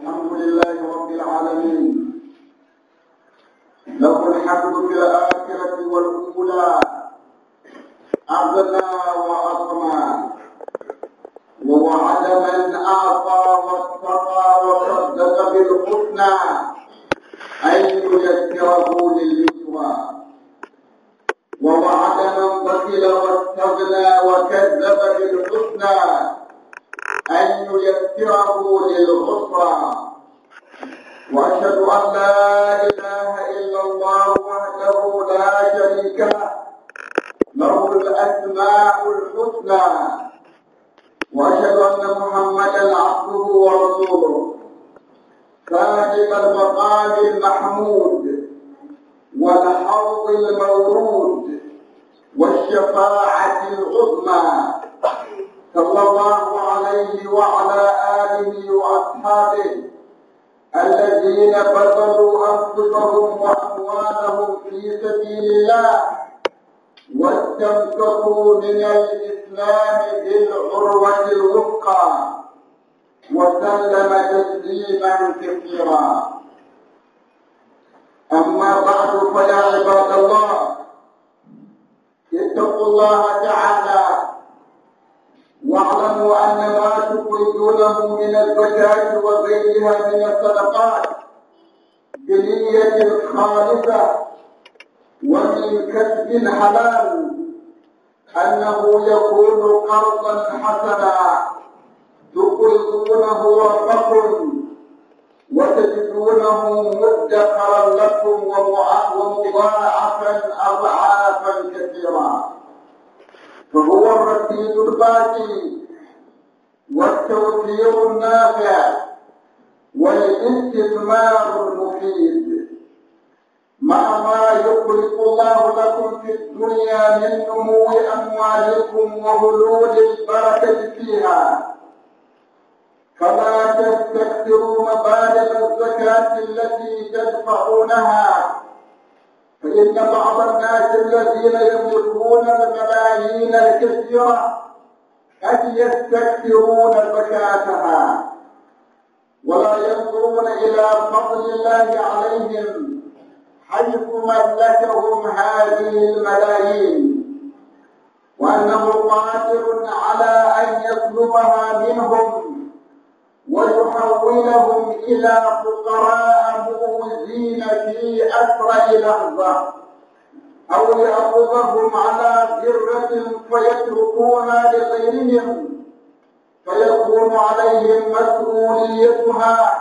الحمد لله رب العالمين له الحمد في الآخرة والأولى أغنى وأطمى ووعد من أعطى واتقى وصدق بالحسنى أن ييسره لليسرى ووعد من بخل واستغنى وكذب بالحسنى أن ييسره للغفران وأشهد أن لا إله إلا الله وحده لا شريك له له الأسماء الحسنى وأشهد أن محمدا عبده ورسوله صاحب المقام المحمود والحوض المورود والشفاعة العظمى صلى الله عليه وعلى آله وأصحابه الذين بذلوا أنفسهم وأموالهم في سبيل الله واستمسكوا من الإسلام بالعروة الوثقى وسلم تسليما كثيرا أما بعد فيا عباد الله اتقوا الله تعالى واعلموا أن ما تخرجونه من الزكاة وغيرها من الصدقات بنية خالصة ومن كسب حلال أنه يكون قرضا حسنا تقرضونه ربكم وتجدونه مدخرا لكم ومضاعفا أضعافا كثيرا فهو الرشيد الباقي والتوفير النافع والاستثمار المفيد مع ما يخلق الله لكم في الدنيا من نمو أموالكم وهلول البركة فيها فلا تستكثروا مبالغ الزكاة التي تدفعونها فإن بعض الناس الذين يملكون الملايين الكثيرة قد يستكثرون زكاتها ولا ينظرون إلى فضل الله عليهم حيث ملكهم هذه الملايين وأنه قادر على أن يطلبها منهم ويحولهم إلى فقراء مؤذين في أسرع لحظة أو يأخذهم على جرة فيتركون لغيرهم فيكون عليهم مسؤوليتها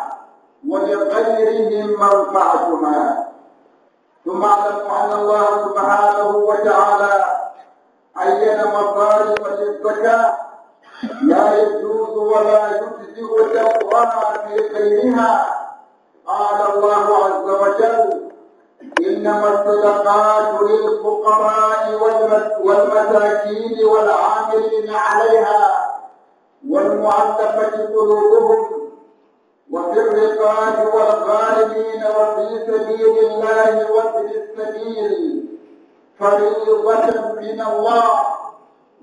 ولغيرهم منفعتها ثم اعلم أن الله سبحانه وتعالى عين مصارف للزكاة لا يجوز ولا يجزئ في خيرها قال الله عز وجل إنما الصدقات للفقراء والمساكين والعاملين عليها والمعلقة قلوبهم وفي الرقاب والغالبين وفي سبيل الله وفي السبيل فريضة من الله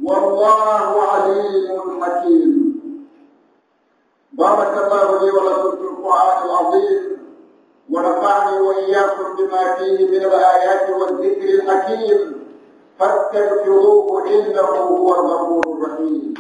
والله عليم حكيم بارك الله لي ولكم في القرآن العظيم ونفعني وإياكم بما فيه من الآيات والذكر الحكيم فاستغفروه إنه هو الغفور الرحيم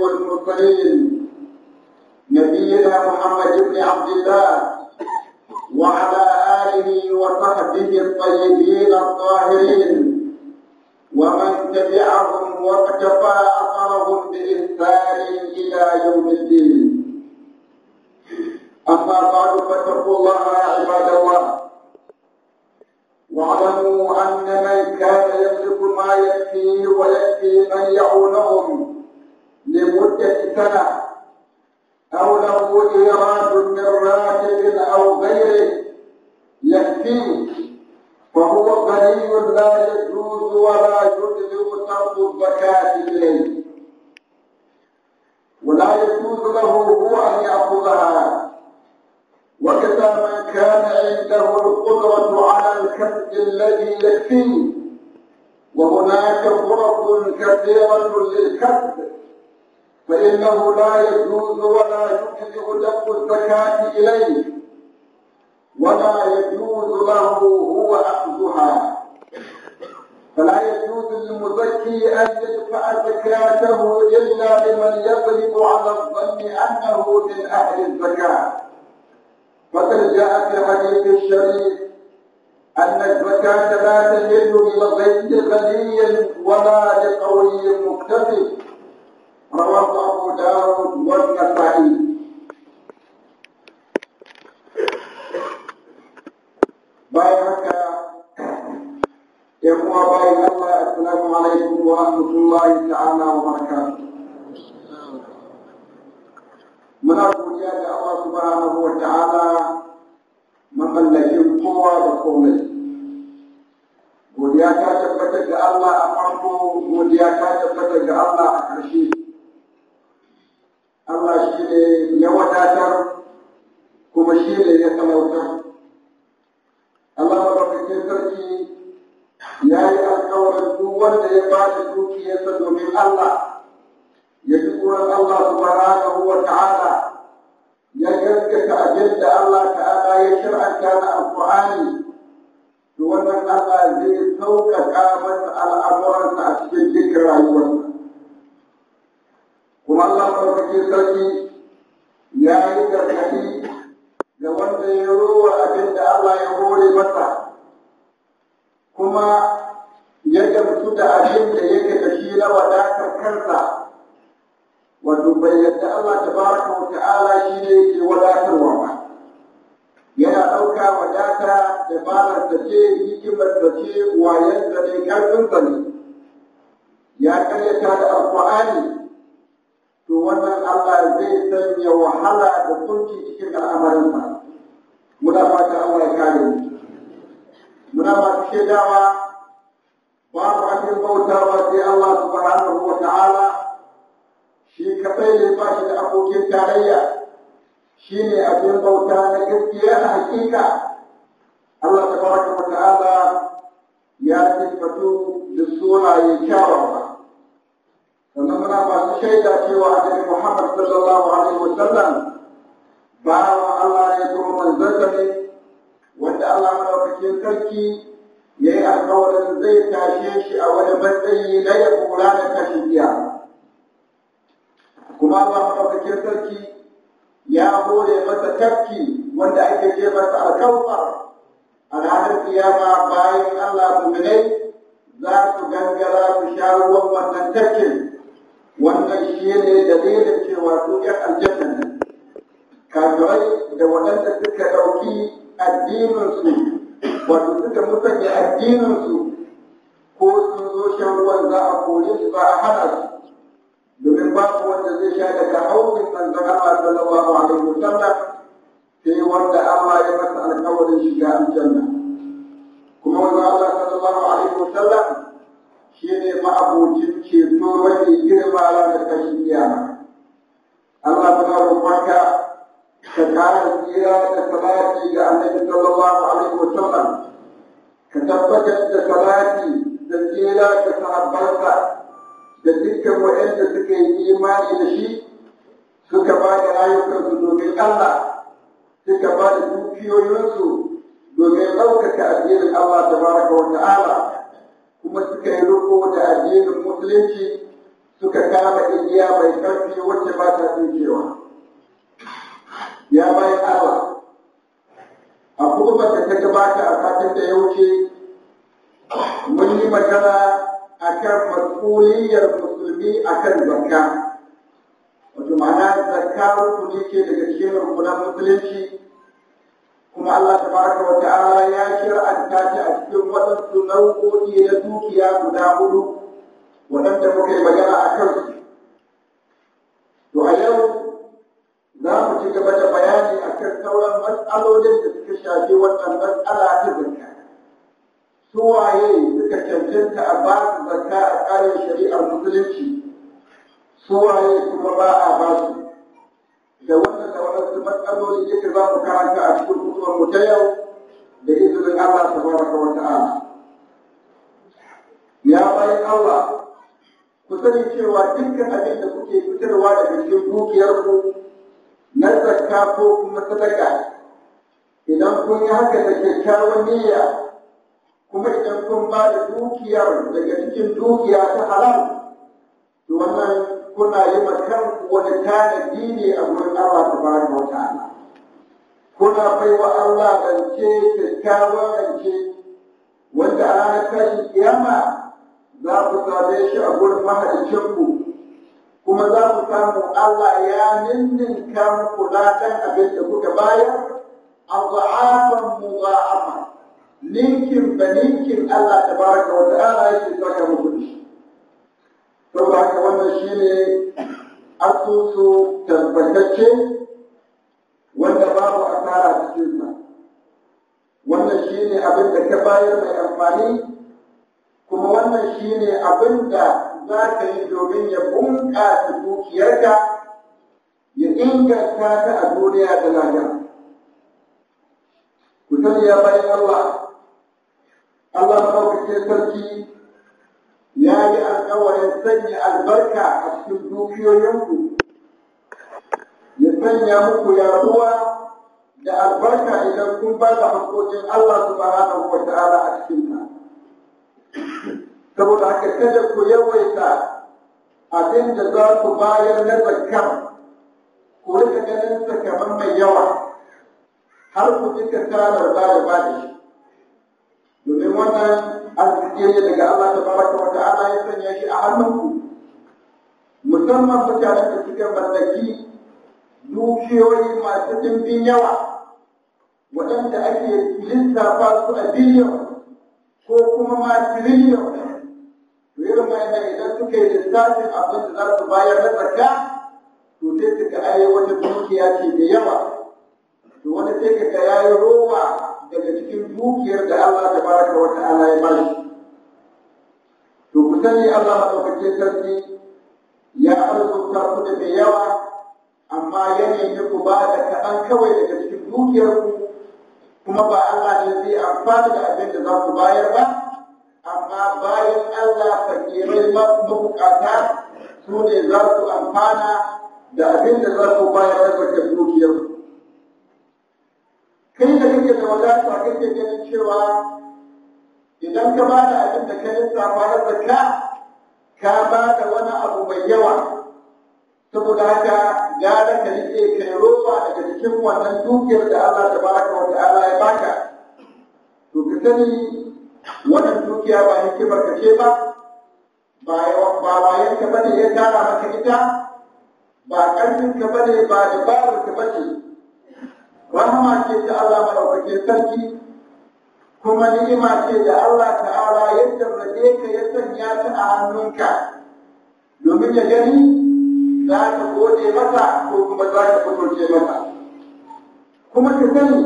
والمرسلين نبينا محمد بن عبد الله وعلى آله وصحبه الطيبين الطاهرين ومن تبعهم واقتفى أثرهم بإحسان إلى يوم الدين أما بعد فاتقوا الله يا عباد الله واعلموا أن من كان يملك ما يكفيه ويأتي من يعونهم لمدة سنة أو له إيراد من راتب أو غيره يكفيه فهو غني لا يجوز ولا يجلب ترك الزكاة إليه ولا يجوز له هو أن يأخذها وكذا من كان عنده القدرة على الكسب الذي يكفيه وهناك فرص كثيرة للكسب فإنه لا يجوز ولا يجزئ دفع الزكاة إليه ولا يجوز له هو أخذها فلا يجوز للمزكي أن يدفع زكاته إلا لمن يغلب على الظن أنه من أهل الزكاة فقد جاء في حديث الشريف أن الزكاة لا تحل غير غني ولا لقوي مكتسب رواه أبو داود والنسائي bayan haka yan uwa bayan Allah assalamu alaikum wa rahmatullahi ta'ala wa muna godiya da Allah subhanahu wa ta'ala mallakin kowa da komai godiya ta tabbatar da Allah a farko godiya ta tabbatar da Allah a ƙarshe Allah shi ne ya wadatar kuma shi ne ya talauta. Allah mafarkacin sarki ya yi alkawarin duk wanda ya ba da dukiyarsa domin Allah ya fi tsoron Allah subhanahu wa ta'ala ya gaskata abin da Allah ta'ala ya shir'anta na alfahari to wannan Allah zai sauƙaƙa masa al'amuransa a cikin jikin rayuwarsa. kuma Allah ɗaukakin sarki ya yi gargadi da wanda ya rowa abin da Allah ya hore masa kuma ya gamsu da abin da yake da shi na wadatar kansa wato bai yadda Allah ta baraka wa ta'ala shi ne ke wadatarwa ba yana ɗauka wadata da balar da ce hikimar da ce wayan da ne ƙarfin ne ya karyata da alƙur'ani to wannan Allah zai sanya wahala da kunci cikin al'amarinsa muna fatan Allah ya kare mu muna masu ba. babu abin ba sai Allah subhanahu wa ta'ala shi kadai ne ba shi da abokin tarayya shi ne abin bauta na gaskiya a hakika Allah tabaraka wa ta'ala ya tabbatu da sunaye kyawawa sannan muna masu shaida cewa annabi Muhammad sallallahu alaihi wa sallam Allah ya turo manzansa ne wanda Allah madaukakin sarki ya yi alkawarin zai tashe shi a wani matsayi na ya kula da tashin biya kuma Allah madaukakin sarki ya hore masa tafki wanda ake ce masa alkawfar a ranar kiyama bayan Allah muminai za su gangara su sha ruwan wannan tafkin wannan shi ne dalilin cewa su ‘yan aljanna ne kafirai da waɗanda suka ɗauki addininsu wato suka musanya addininsu ko sun zo shan ruwan za a kore su ba a hana su domin babu wanda zai sha daga haukin manzon Allah sallallahu alaihi wasallam sai wanda Allah ya masa alƙawarin shiga aljanna kuma wanda Allah sallallahu alaihi wasallam shi ne ma'abocin ceto mafi girma da kashi kiyama Allah ta roƙonka ka ƙara tsira da salati ga annabi sallallahu alaihi wa sallam ka tabbatar da salati da tsira da sahabbansa da dukkan waɗanda suka yi imani da shi suka ba da rayukansu domin Allah suka ba da dukiyoyinsu domin ɗaukaka addinin Allah tabaraka wa ta'ala kuma suka yi roƙo da addinin musulunci suka kama igiya mai karfi wacce ba ta tsinkewa ya bai Allah a kuma da ta gabata a satin da ya wuce mun yi magana a kan mas'uliyar musulmi a kan zakka wato ma'ana zakka rukuni ke daga cikin rukunan musulunci kuma Allah Ta baraka wa ta'ala ya an ta a cikin waɗansu nau'o'i na dukiya guda hudu waɗanda muka yi magana a kan su to a yau za mu ci gaba da bayani a kan sauran matsalolin da suka shafi wannan matsala ta zakka su waye suka cancanta a ba su zakka a tsarin shari'ar musulunci su waye kuma ba a ba su da wannan da waɗansu matsaloli jikin za mu karanta a cikin kusurwar mu ta yau da izinin Allah tabaraka wata ala. ya bayan Allah ku sani cewa dukkan abin da kuke fitarwa daga cikin dukiyarku na zakka ko kuma sadaka idan kun yi haka da kyakkyawan niyya kuma idan kun ba da dukiyar daga cikin dukiya ta halal to wannan kuna yi ma kanku wani tanadi ne a wurin Allah ta bari wata ana. kuna bai wa Allah rance kyakkyawan rance wanda a ranar tashin kiyama za ku same shi a gurin mahaicinku. kuma za ku samu Allah ya nindin kan ladan abin da kuka bayar a za'afan mu za'afa ninkin ba ninkin Allah ta baraka wa ta'ala yake saka muku shi don ba haka wannan shi ne asusu tabbatacce wanda babu asara sa wannan shi ne abin da ka bayar mai amfani kuma wannan shi ne abin da za ka yi domin ya bunƙasa dukiyarka ya inganta ta a duniya da lahira ku sani ya bayan Allah Allah maɗaukake sarki ya yi alkawarin sanya albarka a cikin dukiyoyinku ya sanya muku yaduwa da albarka idan kun ba da hankokin Allah Su subhanahu wa ta'ala a cikin ta saboda haka kada ku yawaita abin da za ku bayar na zakka ku rika ganin sakaman mai yawa har ku ji tara ba da ba da shi domin wannan arziki daga Allah ta baraka wa ta'ala ya sanya shi a hannunku musamman mutane da suka mallaki dukiyoyi masu dimbin yawa waɗanda ake lissafa su a biliyon ko kuma ma tiriliyon to irin wayannan idan suka yi lissafin abin da za su bayar na zakka to sai suka aye wata dukiya ce da yawa to wani sai ka ga yayi rowa daga cikin dukiyar da Allah ta baraka wa ta'ala ya bari to ku sani Allah madaukakin sarki ya arzuta ku da mai yawa amma yanayin ku ba da kaɗan kawai daga cikin dukiyar ku kuma ba Allah ne zai amfana da abin da za ku bayar ba amma bayan Allah fakirai mabukata su ne za su amfana da abin da za ku bayar da dukiyar ku kai da kake da wadata kake ganin cewa idan ka ba da abin da ka yi safarar zakka ka ba da wani abu mai yawa saboda haka gara ka rike kai roba daga cikin wannan dukiyar da Allah ta ka wanda Allah ya baka to ka sani wannan dukiya ba yake ka ce ba ba bayan ka bane ya tara maka ita ba ƙarfin ka bane ba dabarar ka bane rahama ce da Allah maɗaukake sarki kuma ni'ima ce da Allah ta'ala ya tarrabe ka ya sanya ta a hannunka domin ya gani za ka gode mata ko kuma za ka kuturce masa kuma ka sani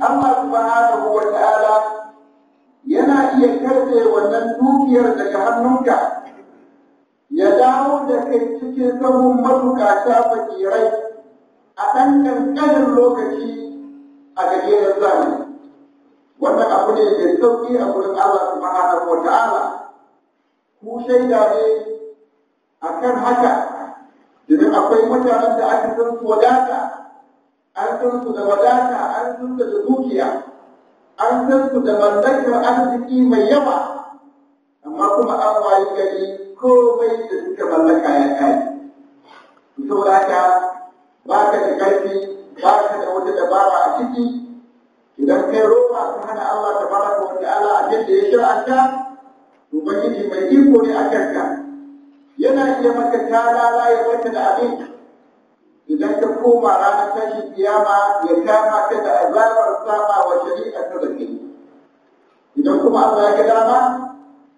Allah subhanahu wa ta'ala yana iya karɓe wannan dukiyar daga hannunka ya dawo da kai cikin sahun mabukata fakirai a ɗan ƙanƙanin lokaci a gajeren zamani wannan abu ne mai sauƙi a wurin Allah subhanahu wa ta'ala ku shaida ne akan haka idan akwai mutanen da aka san su wadata an san su da wadata an san su da dukiya an san su da mallakar arziki mai yawa amma kuma an wayi gari komai da suka mallaka ya kai saboda haka ka da ƙarfi ba ka da wata dabara a ciki idan kai roba ka hana Allah ta baraka wata allah abin da ya shar'anta ubangiji mai iko ne a kanka yana iya maka talala ya wata da abin idan ka koma ranar tashin kiyama ya kama ka da azabar sama wa shari'a ta zake idan kuma Allah ya ga dama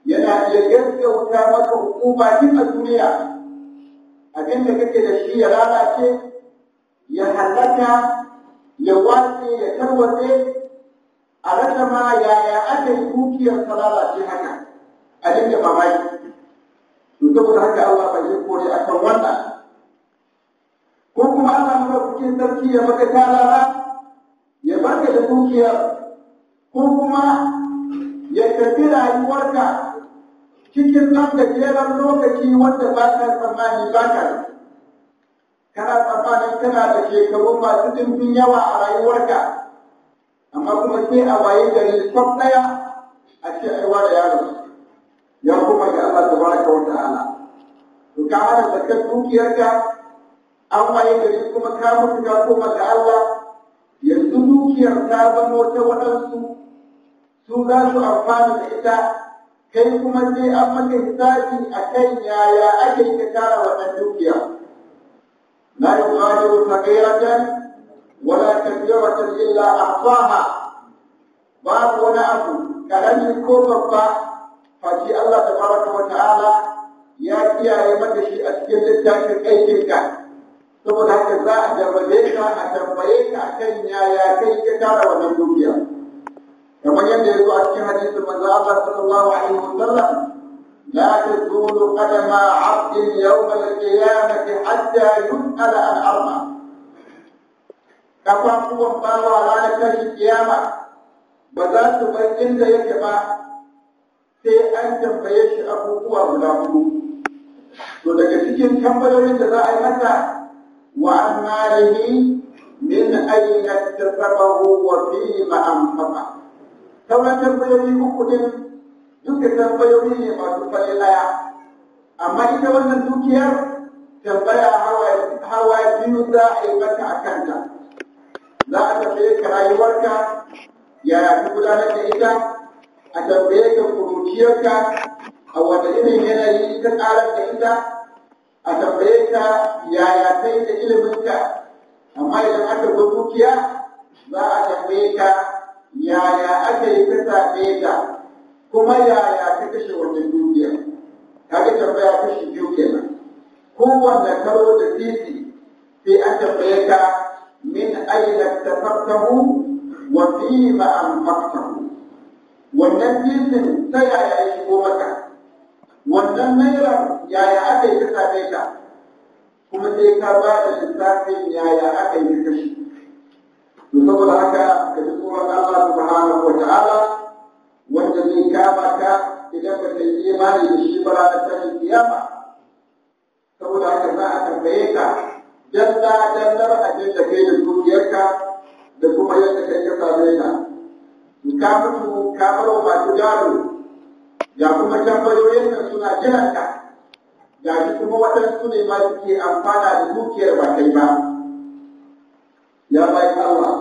yana iya gaggauta maka hukuma duk a duniya abin kake da shi ya lalace ya hallaka ya wace, ya tarwatse a rasa ma yaya aka yi dukiyar salala ce haka a dinga mamaki to saboda haka Allah bai yi kore akan wannan ko kuma Allah maka kuke sarki ya maka talala ya barka da dukiyar ko kuma ya tafi rayuwarka cikin da jerar lokaci wanda ba ka tsammani ba ka kana tsammanin kana da shekaru masu ɗimbin yawa a rayuwarka amma kuma sai a waye da sab ɗaya a ce aiwa da yaro ya kuma ga Allah tabaraka wa ta'ala to ka hana zakar dukiyarka an waye gari kuma ka mutu ka koma ga Allah yanzu dukiyar ta zama ta waɗansu su za su amfana da ita kai kuma sai an maka hisabi a kan yaya ake ka tara wannan dukiya. لا يغادر صغيرة ولا كبيرة إلا أحصاها باب ونأب كلام كوفا فجي الله تبارك وتعالى يا كيا يمد شيء a cikin أي aikinka. saboda haka za a jarrabe a tambaye ka akan yaya kai ka tara wannan dukiya kamar yadda ya zo a cikin hadisin manzo Allah sallallahu alaihi wasallam لا تزول قدم عبد يوم القيامة حتى يسأل عن أربع kafan kuwan bawa ranar kashi kiyama ba za su bar inda yake ba sai an tambaye shi abubuwa guda hudu to daga cikin tambayoyin da za a yi masa wa an malihi min aina tasabahu wa fi ma sauran tambayoyi uku din duka tambayoyi ne masu laya, amma ita wannan dukiya tambaya hawa biyu za a yi maka a kanta za a tambaye ka rayuwarka yaya ka gudanar da ita a tambaye ka kuruciyarka a wanda irin yanayi ta tsarar da ita a tambaye ka yaya kai da iliminka amma idan aka zo dukiya za a tambaye ka yaya aka yi ka ta kuma yaya ka kashe wannan dukiya kaga tambaya kashi biyu kenan kowanne karo da titi sai an tambaye ka min aina tafakkahu wa fi ma anfaqtahu wannan titin ta yaya ya shigo maka wannan naira yaya aka yi ka ta kuma sai ka ba da lissafin yaya aka yi ka kashe to saboda haka ka ji tsoron Allah subhanahu wa ta'ala wanda zai kama ka idan ba ta yi imani da shi ba ranar tashin kiyama saboda haka za a tambaye ka dalla dallar abin da kai da dukiyarka da kuma yadda kai ka same ka in ka mutu ka bar wa masu jaro ya kuma tambayoyin nan suna jiran ka ga shi kuma waɗansu ne ma suke amfana da dukiyar ba kai ba ya bai Allah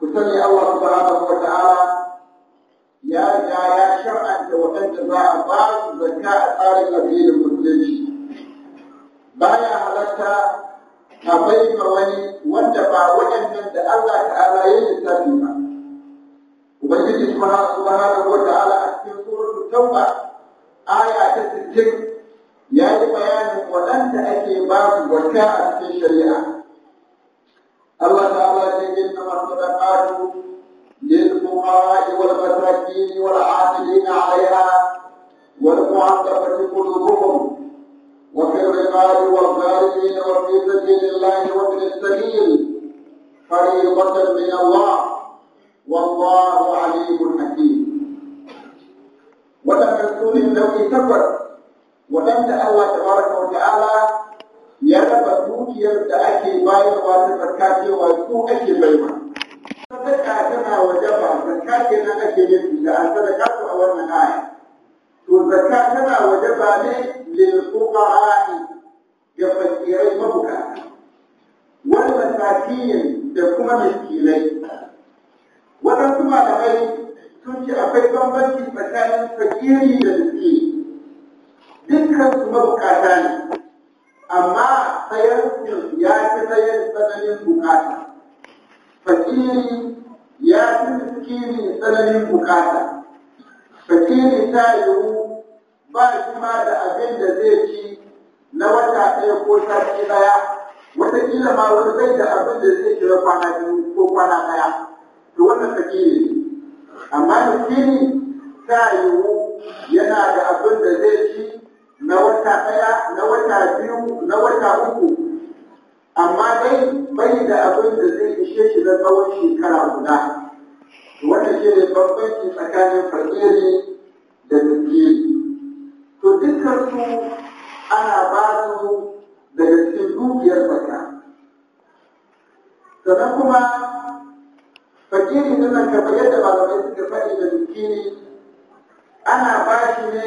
ku sani Allah subhanahu wa ta'ala ya riga ya shar'anta waɗanda za a ba su zakka a tsarin addinin musulunci baya halatta a bai wani wanda ba waɗannan da Allah ta'ala ya lissafi ba ubangiji subhanahu wa ta'ala a cikin suratul tauba aya ta 60 ya yi bayanin waɗanda ake ba su zakka a cikin shari'a Allah ta'ala ya ce inna masadaqatu lil للفقراء والمساكين والعاملين عليها والمعتقة قلوبهم وفي الرقاب والغارمين وفي سبيل الله وابن السبيل فريضة من الله والله عليم حكيم ولم يكن لو سفر ولم الله تبارك وتعالى ya raba dukiyar da ake bayarwa ta tsarka cewa su sadaka tana wa wajaba zakka kenan ake nufi da sadaka ko a wannan aya to zakka tana wa dafa ne lil fuqara'i ga fakirai mabukata wal masakin da kuma miskinai waɗansu malamai sun ce akwai bambanci tsakanin fakiri da miskini dukkan su mabukata ne amma sayan ya fi sayan tsananin bukata fakiri ya fi miskini tsananin bukata fakiri ta yiwu ba shi ma da abin da zai ci na wata ɗaya ko sati ɗaya wataƙila ma wani bai da abin da zai ci kwana biyu ko kwana ɗaya to wannan fakiri amma miskini ta yiwu yana da abin da zai ci na wata ɗaya na wata biyu na wata uku amma dai bai da abin da zai ishe shi na tsawon shekara guda wanda shi ne bambanci tsakanin fakiri da miskini to dukkan su ana ba su daga cikin dukiyar baka sannan kuma fakiri nan kamar yadda malamai suka faɗi da miskini ana ba shi ne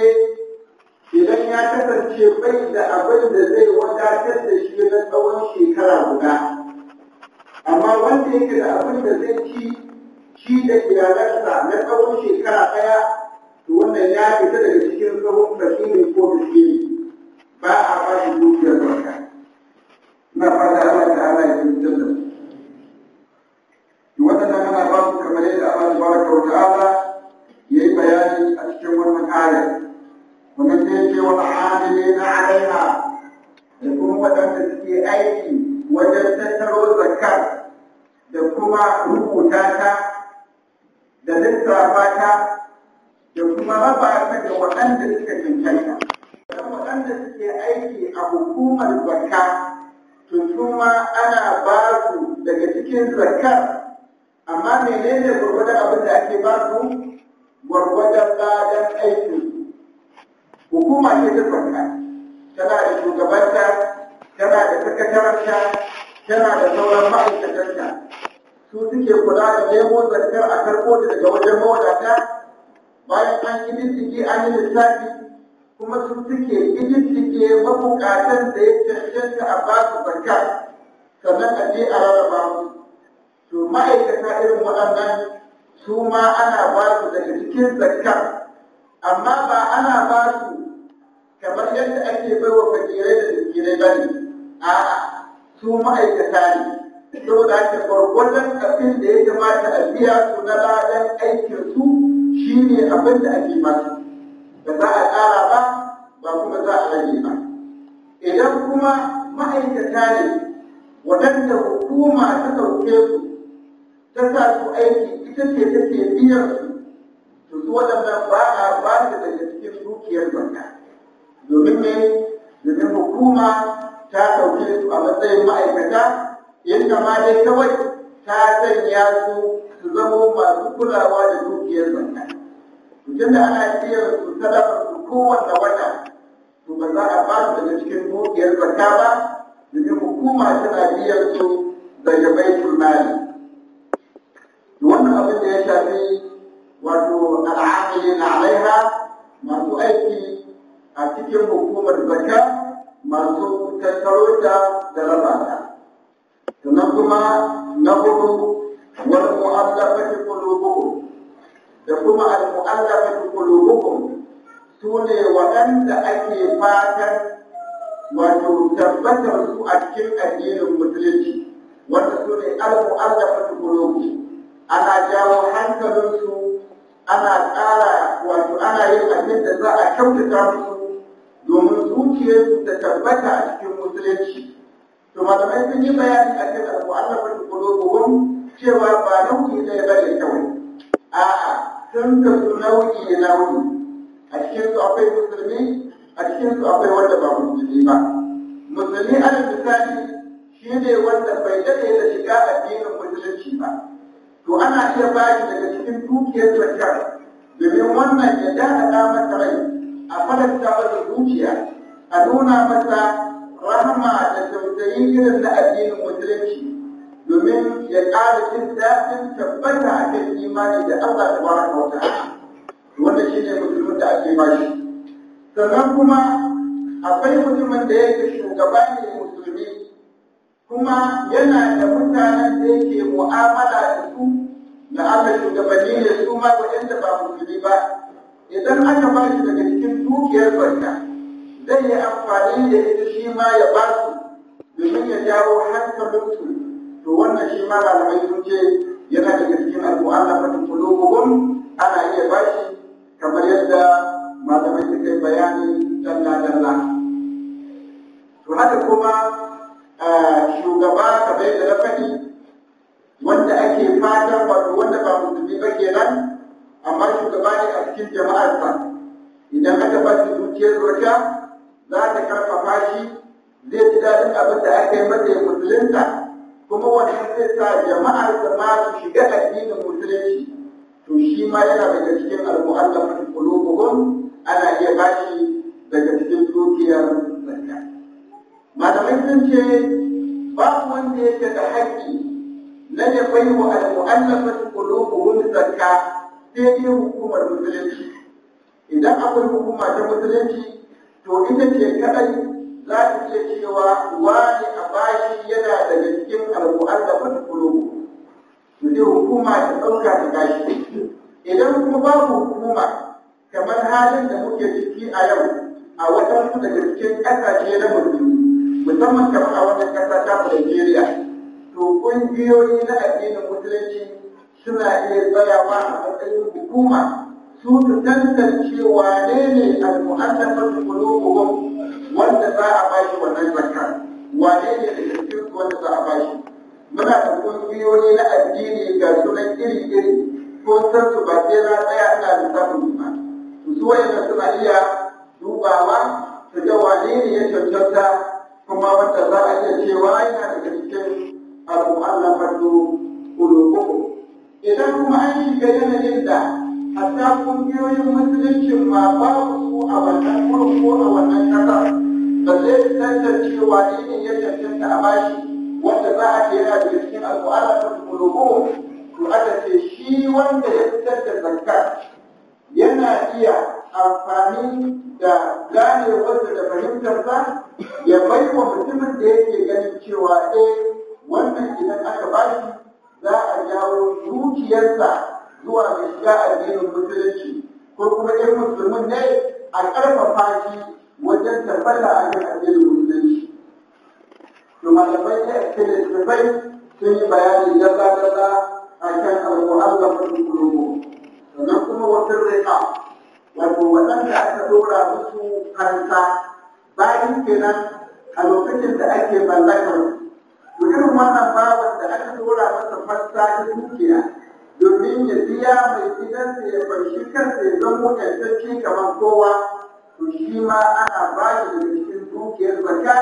idan ya kasance bai da abin da zai wadatar da shi na tsawon shekara guda amma wanda yake da abin da zai ci shi da iyalansa na tsawon shekara ɗaya to wannan ya fita daga cikin tsawon fasili ko ne, ba a ba shi dukiyar barka na fata Allah ta ala ya fitar da wannan ana ba su kamar yadda Allah tabaraka wa ta'ala yayi bayani a cikin wannan ayar ونجيك والعاملين عليها da kuma waɗanda suke aiki wajen tattaro zakar da kuma rubuta ta da lissafa ta da kuma raba ta da waɗanda suka cancanta. Da waɗanda suke aiki a hukumar zakka to kuma ana ba su daga cikin zakar amma menene gwargwadon abin da ake ba su ba don aikinsu. hukuma ce ta sauka tana da shugabanta tana da sakatarta, tana da sauran ma'aikatanta su suke kula da nemo zarkar a karko ta daga wajen mawadata bayan an yi bincike an yi lissafi kuma su suke bincike mabukatan da ya cancanta a ba su zarka sannan a je a rarraba su to ma'aikata irin waɗannan su ma ana basu daga cikin zarkar amma ba ana ba su kamar yadda ake bai wa fakirai da zikirai ba ne a su ma'aikata ne saboda haka gwargwadon abin da ya kamata a biya su na ladan aikin su shine abin da ake ba su ba za a ƙara ba ba kuma za a rage ba idan kuma ma'aikata ne waɗanda hukuma ta ɗauke su ta sa su aiki ita ce take biyan su waɗannan ba a ba da daga cikin dukiyar zakka domin ne domin hukuma ta ɗauke su a matsayin ma'aikata inda ma dai kawai ta sanya su su zama masu kulawa da dukiyar zakka mutum da ana biyar su sadaka su kowanne wata to ba za a ba su daga cikin dukiyar zakka ba domin hukuma tana biyar su daga baitul mali wannan abin da ya shafi wato al'amilin alaiha masu aiki a cikin hukumar zakka masu tattaro ta da raba ta sannan kuma na hudu wal mu'allafati qulubuhum da kuma al mu'allafati su ne waɗanda ake fatan wato tabbatar su a cikin addinin musulunci wanda ne al mu'allafati qulubuhum ana jawo hankalinsu ana ƙara wato ana yin abin da za a kyautata musu domin zuciyarsu ta tabbata a cikin musulunci to malamai sun yi bayani a kan al'ummar kulubun cewa ba nauyi ne ba ne kawai a'a sun kasu nauyi nauyi a cikin su akwai musulmi a cikin su akwai wanda ba musulmi ba musulmi alal misali shi ne wanda bai daɗe da shiga addinin musulunci ba to ana iya bashi daga cikin dukiyar zakar domin wannan ya dada mata rai a faranta masa dukiya a nuna mata rahama da tausayin irin na addinin musulunci domin ya ƙara jin daɗin tabbata a kan imani da Allah da baraka wa ta'ala wanda ne musulmin da ake bashi sannan kuma akwai mutumin da yake shugaba ne musulmi kuma yana da mutanen da yake mu'amala da su la'alla shugabanni ne su ma waɗanda ba musulmi ba idan aka ba shi daga cikin dukiyar barka zai yi amfani da ita shi ma ya ba su domin ya jawo hankalin su to wannan shi ma malamai sun ce yana daga cikin ta fatin kulubuhum ana iya ba shi kamar yadda malamai suka yi bayani dalla-dalla to haka kuma eh, shugaba kamar yadda na faɗi wanda ake fatan wato wanda ba musulmi ba kenan amma shugaba ne a cikin jama'arsa idan aka ba shi zuciyar rasha za ta karfafa shi zai ji daɗin abin da aka yi masa ya musulunta kuma wannan zai sa da ma su shiga addinin musulunci to shi ma yana daga cikin al-mu'allafatu qulubuhum ana iya bashi daga cikin dukiyar zakka malamai sun ce babu wanda yake da haƙƙi lan yabayu al-mu'allafatu qulubuhum zakka sai dai hukumar musulunci idan akwai hukuma ta musulunci to ita ce kadai za ta iya cewa wani a bashi yana daga cikin al-mu'allafatu qulubuhum sai hukuma ta ɗauka ta gashi idan kuma babu hukuma kamar halin da muke ciki a yau a waɗansu daga cikin ƙasashe na musulmi musamman kamar a wannan ƙasa ta Najeriya ƙungiyoyi na addinin musulunci suna iya tsayawa a matsayin hukuma su su tantance wane ne al-mu'allafatu qulubuhum wanda za a bashi wannan zakka wane ne da cikin wanda za a bashi muna da ƙungiyoyi na addini ga sunan iri-iri ko san su ba sai na tsaya ina samun ba su wayannan suna iya dubawa su ga wane ne ya cancanta kuma wanda za a iya cewa yana daga cikin Allah muallafatu qulubukum idan kuma an yi yanayin da hatta kungiyoyin musuluncin ma babu su a wannan wurin ko a wannan kasa ba zai tantar cewa ne ya cancanta a bashi wanda za a kera da cikin al'ada ta qulubukum to aka ce shi wanda ya fitar da zakka yana iya amfani da ganewarsa da fahimtarsa ya bai wa mutumin da yake ganin cewa eh wannan idan aka bashi za a jawo dukiyarsa zuwa da shiga addinin musulunci ko kuma ɗan musulmin ne a ƙarfafa shi wajen tabbata a kan addinin musulunci. To malamai ne a cikin littattafai sun yi bayani dalla-dalla a kan ga muallafin kulubu. Sannan kuma wata riƙa wato waɗanda aka dora musu kanta bayan kenan a lokacin da ake mallakar to irin wannan bawan da aka dora masa fassa ta dukiya domin ya biya mai gidansa ya fanshi kansa ya zama yantacce kamar kowa to shi ma ana ba shi daga cikin dukiyar zaka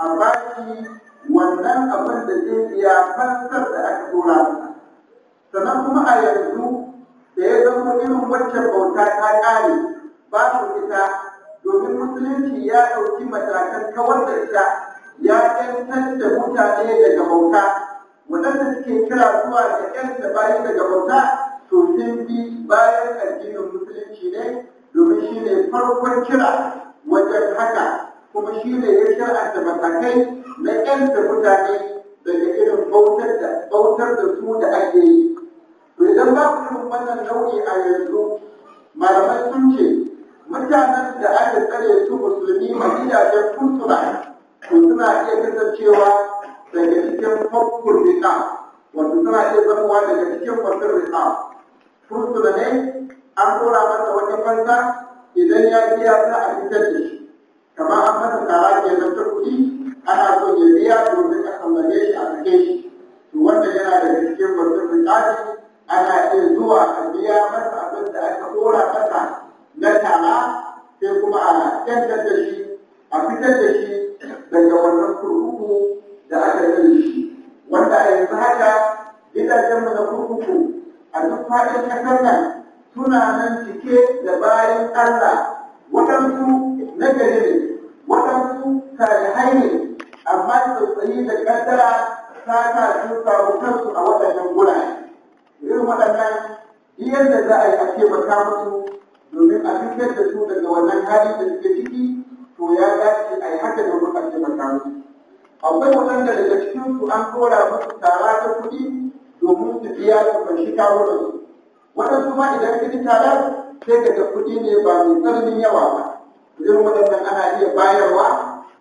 a ba shi wannan abin da zai biya fassar da aka dora masa sannan kuma a yanzu da ya zama irin wancan bauta ta ƙare ba su fita domin musulunci ya ɗauki matakan kawar da ita ya ƙyantar da mutane daga bauta waɗanda suke kira zuwa da ƴan da bayi daga bauta to sun bi bayan addinin musulunci ne domin shi ne farkon kira wajen haka kuma shi ne ya shar'anta matakai na ƴan da mutane daga irin bautar da su da ake yi to idan ba ku yi wannan nau'i a yanzu malamai sun ce mutanen da aka tsare su musulmi a gidajen kutura. suna iya kasancewa daga cikin fakkun rika wato suna iya zamowa daga cikin fakkun rika fursuna ne an kora masa wani fanta idan ya biya ta a fitar da shi kamar an masa tara ke na turki ana so ya biya domin a sallame shi a sake shi to wanda yana da cikin fakkun rika ana iya zuwa a biya masa abin da aka kora masa na tara sai kuma a kyantar da shi a fitar da shi daga wannan kurkuku da aka yi shi wanda a yanzu haka gidajen na kurkuku a duk faɗin ƙasar nan suna nan cike da bayan Allah waɗansu na gari ne waɗansu salihai ne amma tsautsayi da ƙaddara ta ta sun samu kansu a waɗannan gurare irin waɗannan yadda za a yi a taimaka musu domin a fitar da su daga wannan hali da suke ciki to ya dace a yi haka domin a taimaka musu akwai waɗanda daga cikin su an kora musu tara ta kuɗi domin su biya su fashi kawo da waɗansu ma idan ka tara sai ka kuɗi ne ba mai tsananin yawa ba irin waɗannan ana iya bayarwa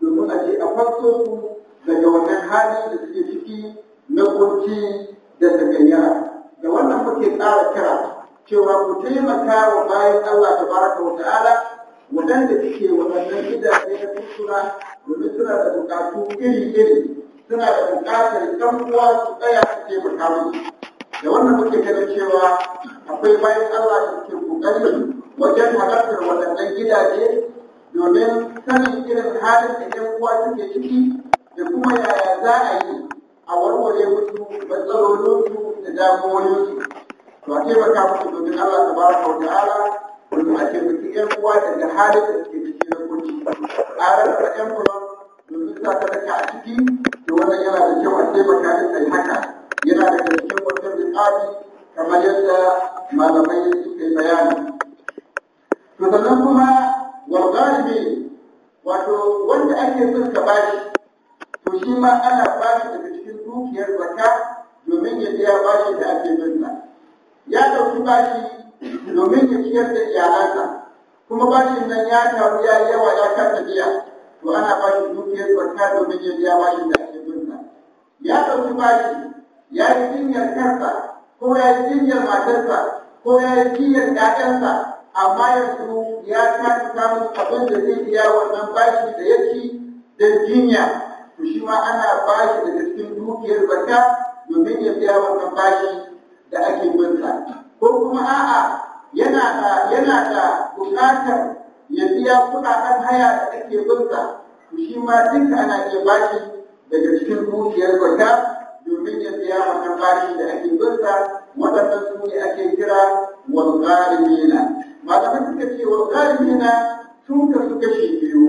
domin a je a fasto su daga wannan hali da suke ciki na kurci da tagayyara da wannan muke tsara kira cewa ku taimaka wa bayan Allah Ta baraka wa ta'ala waɗanda suke waɗannan gidaje na tuttura domin suna da buƙatu iri-iri suna da buƙatar ɗan uwa su tsaya su taimaka musu da wannan muke ganin cewa akwai bayan Allah da suke ƙoƙari wajen halartar waɗannan gidaje domin sanin irin halin da ɗan uwa suke ciki da kuma yaya za a yi a warware musu matsalolinsu da damuwoyinsu to a taimaka musu domin Allah tabaraka da ta'ala domin a taimaki yan uwa daga halin da suke ciki na kunci da yan uwa domin sa ta daga a ciki Da wannan yana da kyau a taimaka da kai haka yana da cikin wata misali kamar yadda malamai suke bayani to sannan kuma wal galibi wato wanda ake son ka bashi to shi ma ana bashi daga cikin dukiyar zakka domin ya biya bashi da ake bin ya ɗauki bashi domin ya ciyar da iyalansa kuma bashin nan ya taru ya yi yawa ya kasa biya to ana ba shi dukiyar zakka domin ya biya bashin da ake binsa ya ɗauki bashi ya yi jinyar kansa ko ya yi jinyar matarsa ko ya yi jinyar ƴaƴansa amma yanzu ya kasa samun abin da zai biya wannan bashi da ya ci da jinya to shi ma ana bashi daga cikin dukiyar barka domin ya biya wannan bashi da ake binsa. ko kuma a'a yana da yana da buƙatar ya biya kuɗaɗen haya da ake binsa ku shi ma duk ana iya bashi daga cikin dukiyar zakka domin ya biya wannan bashi da ake binsa waɗannan su ne ake kira walƙarimina malamai suka ce walƙarimina sun kasu kashi biyu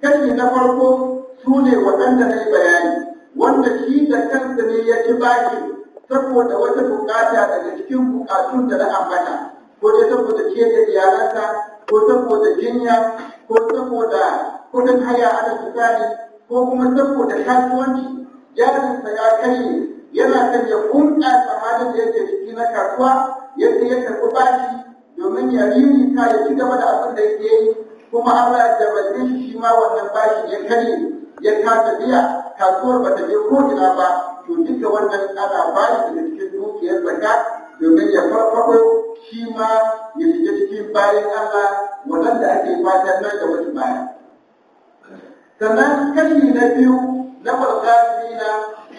kashi na farko su ne waɗanda na yi bayani wanda shi da kansa ne ya ci bashi saboda wata bukata daga cikin bukatun da na ambata ko dai saboda ke da iyalanta ko saboda jinya ko saboda kudin haya a misali ko kuma saboda kasuwanci yaransa ya karye yana kan ya bunƙasa halin da yake ciki na kasuwa yadda ya karɓi bashi domin ya ririta ya ci gaba da abin da yake yi kuma Allah ya jabace shi ma wannan bashi ya karye ya kasa biya kasuwar ba ta je ko ina ba to wannan ana ba shi daga cikin dukiyar zakka domin ya farfaɗo shi ma ya shiga cikin bayan Allah waɗanda ake fatan nan da wasu baya. Sannan kashi na biyu na falsafi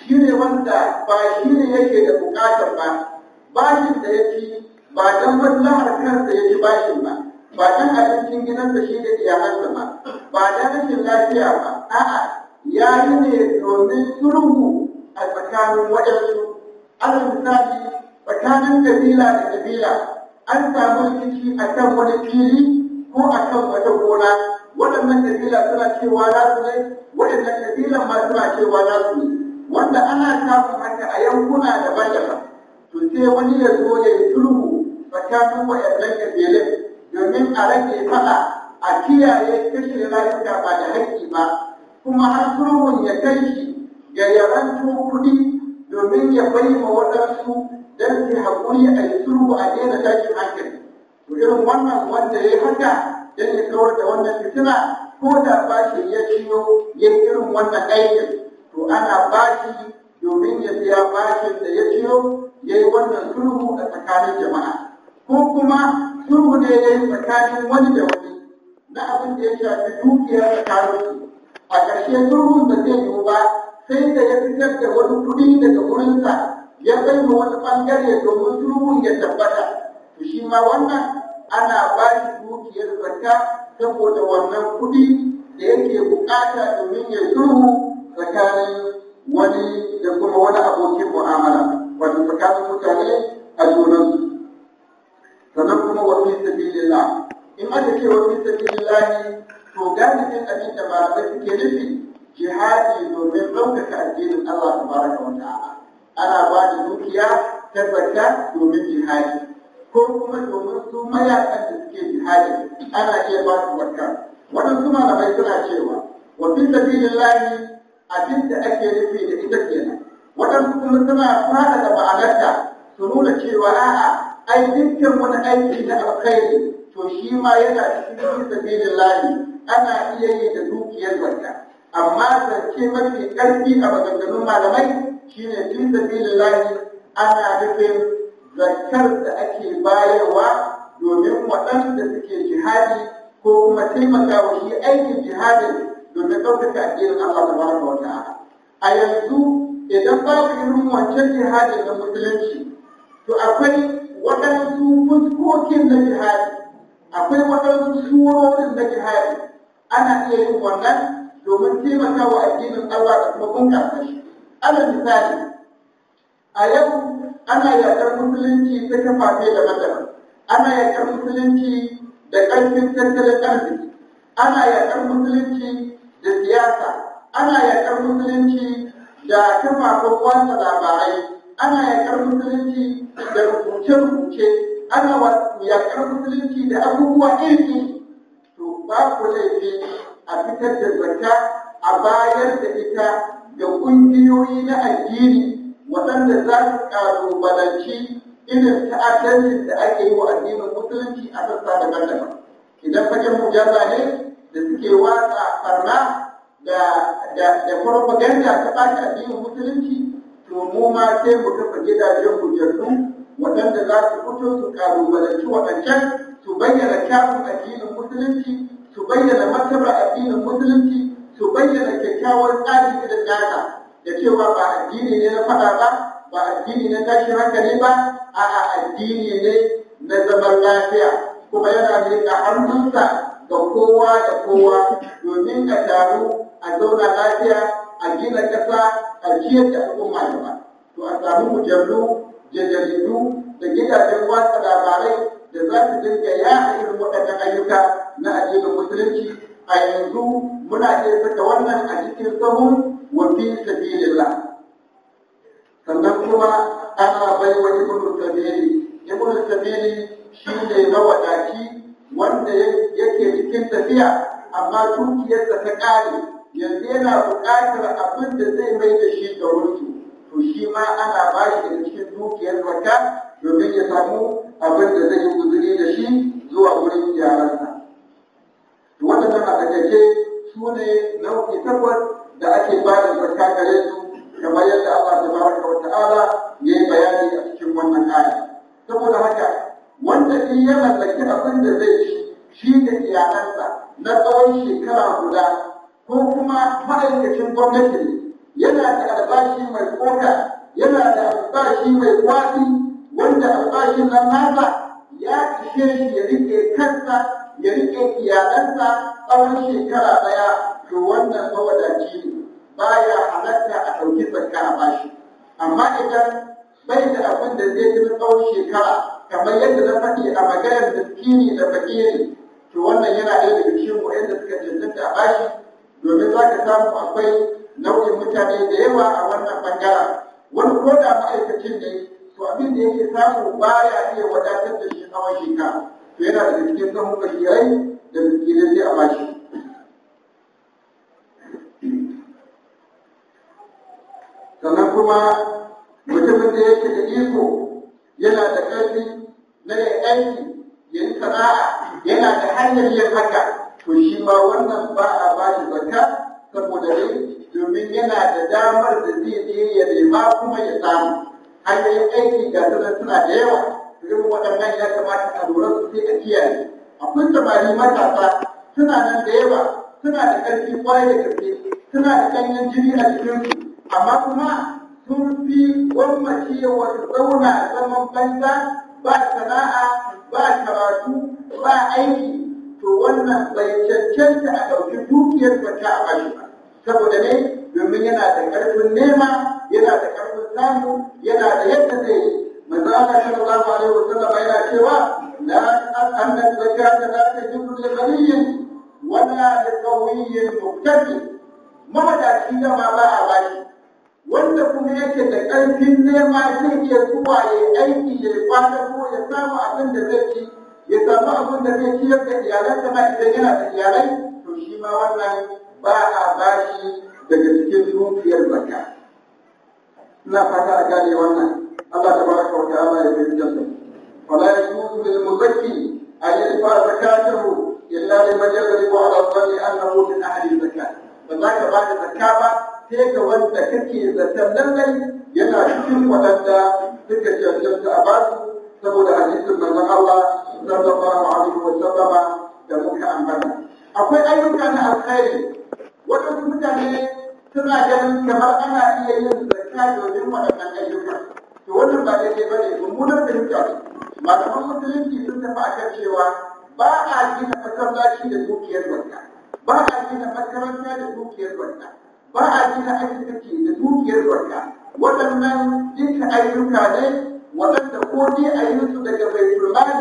shi ne wanda ba shi ne yake da buƙatar ba, bashin da ya ci ba don maslahar kansa ya ci bashin ba, ba don abincin da shi da iyalansa ba, ba don rashin lafiya ba, a'a ya yi ne domin sulhu a tsakanin waɗansu an misali tsakanin kabila da kabila an samu ciki a kan wani fili ko a kan wata gona waɗannan kabila suna cewa za su ne waɗannan kabilan ma suna cewa za su ne wanda ana samun haka a yankuna daban-daban to sai wani ya zo ya yi sulhu tsakanin waɗannan kabilan domin a rage faɗa a kiyaye kashe rayuka ba da haƙƙi ba kuma har sulhun ya kai shi ya yarantu kuɗi domin ya bai ma waɗansu don su haƙuri a yi sulhu a daina tashin hankali to irin wannan wanda ya yi haka don ya kawar da wannan fitina ko da bashi ya ciyo ya irin wannan aikin to ana bashi domin ya biya bashin da ya ciyo ya yi wannan sulhu a tsakanin jama'a ko kuma sulhu ne ya yi tsakanin wani da wani na abin da ya shafi dukiya tsakaninsu a ƙarshe sulhun da zai yi ba sai da ya fitar da wani kuɗi daga wurinsa ya kai ma wani ɓangare domin sulhun ya tabbata to shi ma wannan ana ba shi dukiyar zakka saboda wannan kuɗi da yake buƙata domin ya sulhu tsakanin wani da kuma wani abokin mu'amala wato tsakanin mutane a junansu sannan kuma wani sabilillah in aka ce wani sabilillah ne to galibin abin da malamai suke nufi jihadi domin ɗaukaka addinin Allah tabaraka da wata. ana ba da dukiya ta zakka domin jihadi ko kuma domin su mayakan da suke jihadi ana iya ba su zakka waɗansu malamai suna cewa wa fi layi, abin da ake nufi da ita kenan waɗansu kuma suna fara da ma'anarta su nuna cewa a'a ai dukkan wani aiki na alkhairi to shi ma yana cikin fi layi. ana iya yi da dukiyar zakka amma zance mafi ƙarfi a maganganun malamai shine fi sabilillahi ana nufin zakar da ake bayarwa domin waɗanda suke jihadi ko kuma taimaka wa shi aikin jihadi domin ɗaukaka addinin Allah tabaraka wa ta'ala a yanzu idan babu irin wancan jihadi na musulunci to akwai waɗansu fuskokin na jihadi akwai waɗansu surorin na jihadi ana iya yin wannan domin taimaka wa addinin Allah da kuma bunƙasa shi Ana misali a yau ana yaƙar musulunci ta kafafe daban-daban ana yaƙar musulunci da ƙarfin tattalin arziki ana yaƙar musulunci da siyasa ana yaƙar musulunci da kafafen watsa labarai ana yaƙar musulunci da rubuce-rubuce ana yaƙar musulunci da abubuwa irin to ba ku laifi a fitar da zakka a bayar da ita da ƙungiyoyi na addini waɗanda za su ƙalubalanci irin ta'addancin da ake yi wa addinin musulunci a sassa da gandama idan fagen mujalla ne da suke watsa farna da da propaganda ta ɓata addinin musulunci to mu ma sai mu kafa gidajen kujerdu waɗanda za su fito su ƙalubalanci waɗancan su bayyana kyawun addinin musulunci su bayyana martaba addinin musulunci su bayyana kyakkyawar tsari da nasa da cewa ba addini ne na faɗa ba ba addini na tashin hankali ba a'a addini ne na zaman lafiya kuma yana miƙa hannunsa ga kowa da kowa domin a taru a zauna lafiya a gina ƙasa a ciyar da al'umma gaba to a samu mujallu jajalidu da gidajen watsa labarai da za su dinga ya irin waɗannan ayyuka na addinin musulunci a yanzu muna iya saka wannan a cikin sahun wa fi sabilillah sannan kuma ana bai wa ibnu sabili ibnu sabili shi ne mawadaci wanda yake cikin tafiya amma dukiyarsa ta ƙare yanzu yana buƙatar abin da zai mai da shi da wurin to shi ma ana ba shi cikin dukiyar wata domin ya samu abin da zai yi guzuri da shi zuwa wurin yaransa waɗannan a ke su ne nau'i takwas da ake ba da zakka gare su kamar yadda Allah wata wa ta'ala ya yi bayani a cikin wannan aya saboda haka wanda shi ya mallaki abin da zai ci shi da iyalansa na tsawon shekara guda ko kuma ma'aikacin gwamnati yana da albashi mai tsoka yana da albashi mai kwasi wanda albashin nan nasa ya ishe shi ya rike kansa ya rike iyalansa tsawon shekara ɗaya to wannan mawadaci ne baya halatta a ɗauki zakka a bashi amma idan bai da abin da zai yi tsawon shekara kamar yadda na faɗi a maganar tsini da fakiri to wannan yana ɗaya daga cikin da suka cancanta a bashi domin za ka samu akwai nau'in mutane da yawa a wannan bangaren wani ko da ma'aikacin ne to abin da yake samu baya iya wadatar da shi tsawon shekara to yana da cikin sahun bashirai da da a bashi sannan kuma mutumin da yake da iko yana da ƙarfi na yin aiki ya yi sana'a yana da hanyar yin haka to shi ma wannan ba a ba shi zakka saboda ne domin yana da damar da zai je ya nema kuma ya samu hanyoyin aiki da sanar suna da yawa irin waɗannan ya kamata a lura su sai a kiyaye akwai samari matasa suna nan da yawa suna da ƙarfi kwarai da ƙarfi suna da ɗanyen jini a cikinsu amma kuma sun fi gwamnacewar zauna zaman banza ba sana'a ba karatu ba aiki to wannan bai cancanta a ɗauki dukiyar ta a bashi ba saboda ne domin yana da ƙarfin nema yana da karfin samu yana da yadda zai yi manzo Allah sallallahu alaihi wasallam yana cewa la anna zakata la tajibu li ghaniyyin wala li qawiyyin muqtadi mawadaci da ma ba a bashi. wanda kuma yake da karfin nema zai zuwa ya aiki ya kwana ko ya samu abin da zai ci ya samu abin da zai ciyar da iyalansa ma idan yana da iyalai to shi ma wannan ba a bashi daga cikin dukiyar zakka ina fata a gane wannan Allah tabaraka wa ta'ala ya bi janna wala yajuzu lil muzakki an yarfa zakatahu illa liman yadribu ala dhanni annahu min ahli zakat ba za ka bada zakka ba sai ga wanda kake zaton lallai yana cikin waɗanda suka cancanta a basu saboda hadisin manzon Allah sallallahu alaihi wa sallama da muka ambata akwai ayyuka na alkhairi waɗansu mutane suna ganin kamar ana iya yin zakka domin waɗannan ayyuka to wannan ba daidai ba ne mummunan fahimta ne malaman musulunci sun tafi akan cewa ba a gina masallaci da dukiyar zakka ba a gina makaranta da dukiyar zakka ba a gina asibiti da dukiyar zakka waɗannan duka ayyuka ne waɗanda ko ne a yi su daga baitul mali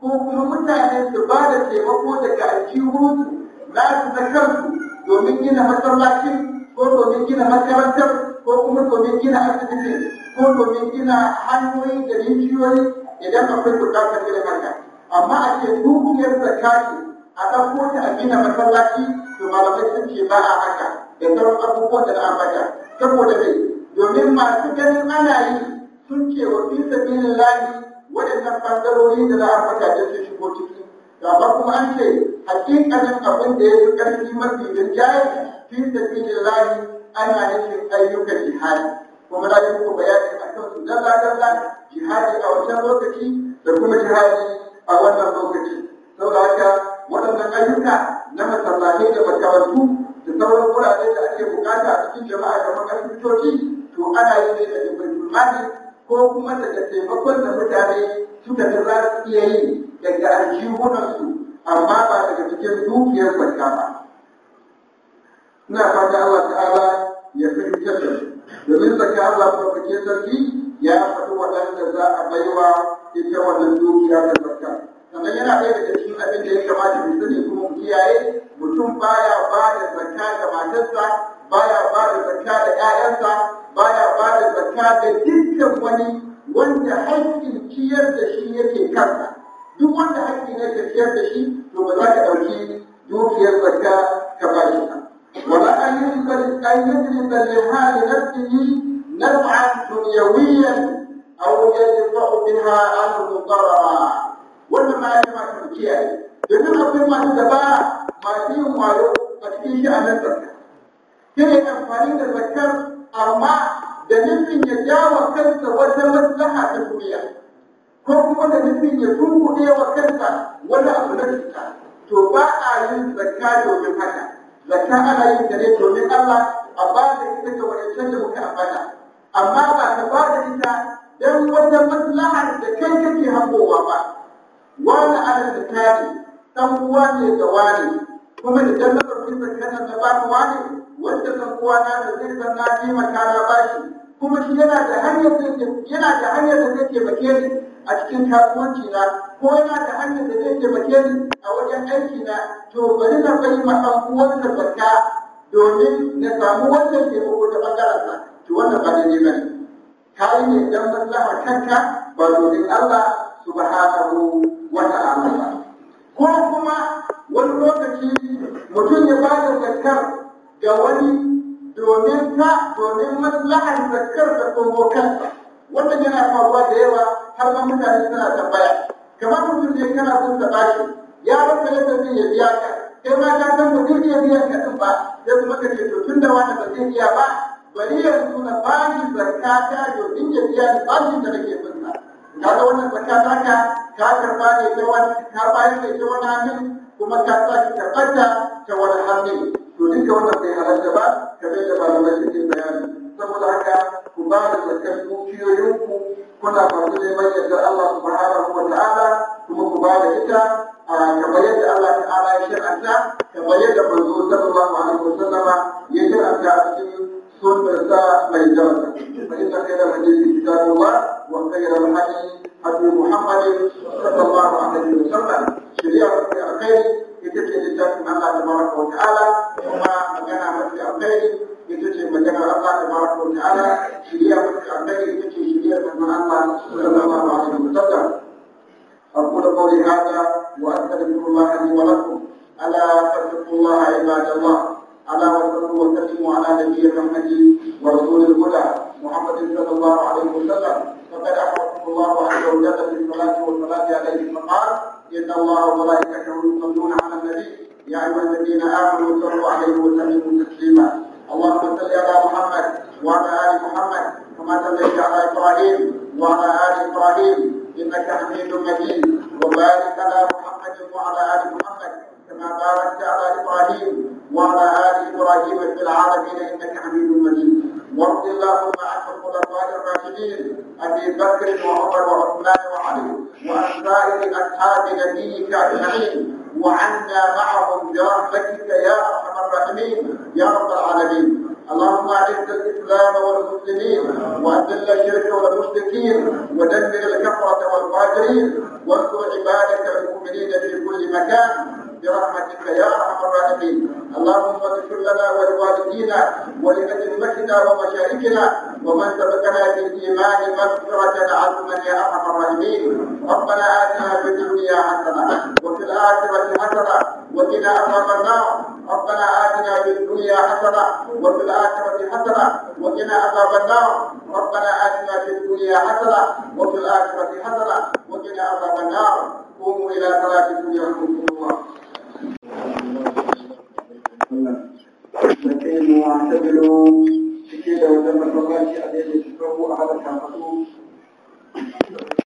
ko kuma mutane su ba da taimako daga aljihunsu na su da kansu domin gina masallacin ko domin gina makarantar ko kuma domin gina asibiti ko domin gina hanyoyi da rijiyoyi idan akwai bukatar gina haka amma a ce dukiyar zakati a kan kone a gina masallaci to malamai sun ce ba a haka da sauran abubuwan da na ambata saboda dai domin masu ganin ana yi sun ce wa fi sabilin lahi waɗannan ɓangarori da na ambata da sun shigo ciki kuma an ce hakikanin abin da ya fi ƙarfi mafi rinjaye cikin sabilillahi ana nufin ayyukan jihadi kuma na yi bayani a kan su dalla dalla jihadi a wancan lokaci da kuma jihadi a wannan lokaci saboda haka waɗannan ayyuka na masallatai da makarantu da sauran wurare da ake bukata a cikin jama'a da makarantoci to ana yi ne da ibadul ko kuma daga taimakon da mutane suka ga za su iya yi daga aljihunansu amma ba daga cikin dukiyar zakka ba ina fata Allah ta'ala ya fahimtar da domin zaka Allah ɗaukake sarki ya faɗi waɗanda za a baiwa ita wannan dukiya da zakka sannan yana ɗaya daga cikin abin da ya kamata mu sani kuma mu kiyaye mutum baya ba da zakka ga matarsa baya ba da zakka da ƴaƴansa baya ba da zakka da dukkan wani wanda haƙƙin ciyar da shi yake kansa duk wanda haƙƙi yake ciyar da shi to ba za ka ɗauki dukiyar zakka ka bashi. ba وبأن ان يجلب لحال نفسه نفعا دنيويا أو يدفع بها أمر ضررا وإنما يجمع تركيا لأنه في ما تدبع ما فيه ما يقوم فيه أن تركيا كي ينفعين تذكر أرماء دنفين يجاوى كنت وتمت لها تكوية كوكو دنفين يتوقع وكنت ولا أبنفتك تباع للزكاة ومن هكذا zakka ana yin ta ne domin Allah a ba da ita ga wadancan da muka ambata amma ba ta ba da ita dan wata maslaha da kai kake hangowa ba wani ana da kare dan uwa ne da wani kuma idan na ɗauki zakkan na ba ka wani wanda dan uwa na da zai san na makara ba shi kuma shi yana da hanyar da yana da hanyar da zai taimake ni a cikin kasuwanci na ko yana da hanyar da zai taimake ni a wajen aiki na to bari na bai ma ɗan uwansa zakka domin na samu wannan taimako ta ɓangaren sa to wannan ba daidai ba ne ka yi ne don maslahar kanka ba domin Allah subhanahu wa ta'ala ba ko kuma wani lokaci mutum ya ba da zakkar ga wani domin ka domin maslahar zakkar da kuma kansa wannan yana faruwa da yawa har ma mutane suna tambaya kamar mutum ne kana son ta bashi ya rasa yadda zai ya biya ka kai ma ka san ba zai iya biyan ka din ba sai kuma ka ce to tun da wani ba zai iya ba bari yanzu na bashi zakata domin ya biya ni bashin da nake bin sa kaga wannan zakata ka ka karba ne ta wani ka bayar ne ta wani hannun kuma ka ki karɓar ta ta wani hannun to duka wannan bai halarta ba kamar da malamai suke bayani saboda haka ku ba da zakar ku kuna masu neman yardar Allah subhanahu wa ta'ala kuma ku ba da ita a kamar yadda Allah ta'ala ya shar'anta kamar yadda manzo sallallahu alaihi wa sallama ya shar'anta a cikin mai daraja fa inna khayra hadisi kitabullah wa al-hadi hadi muhammadin sallallahu alaihi wa sallam shari'a ta alkhairi ita ce littafin Allah tabaraka wa ta'ala kuma magana mafi ita ce magana Allah ta ba ko ta'ala shirya mutu annabi ita ce shirya manzon Allah sallallahu alaihi wa sallam أقول قولي هذا وأستغفر الله لي ولكم ألا فاتقوا الله عباد الله ألا وصلوا وسلموا على نبي محمد ورسول الهدى محمد صلى الله عليه وسلم فقد أحببه الله عز وجل بالصلاة والصلاة عليه فقال إن الله وملائكته يصلون على النبي يا أيها الذين آمنوا صلوا عليه وسلموا تسليما اللهم صل على محمد وعلى ال محمد كما صليت على ابراهيم وعلى ال ابراهيم انك حميد مجيد وبارك على محمد وعلى ال محمد كما باركت على ابراهيم وعلى ال ابراهيم في العالمين انك حميد مجيد وارض اللهم عن الخلفاء الراشدين ابي بكر وعمر وعثمان وعلي وعن اصحاب نبيك اجمعين وعنا معهم برحمتك يا ارحم الراحمين يا رب العالمين اللهم اعز الاسلام والمسلمين واذل الشرك والمشركين ودمر الكفره والفاجرين وانصر عبادك المؤمنين في كل مكان برحمتك يا ارحم الراحمين اللهم اغفر لنا ولوالدينا ولأئمتنا ومشايخنا ومن سبقنا بالإيمان مغفرة عظما يا أرحم الراحمين ربنا آتنا في الدنيا حسنة وفي الآخرة حسنة وقنا عذاب النار ربنا آتنا في الدنيا حسنة وفي الآخرة حسنة وقنا عذاب النار ربنا آتنا في الدنيا حسنة وفي الآخرة حسنة وقنا عذاب النار قوموا إلى صلاتكم يرحمكم الله فكيف واعتدلوا بكيد وتم الفقاش أدية تفرقوا أحد شعبته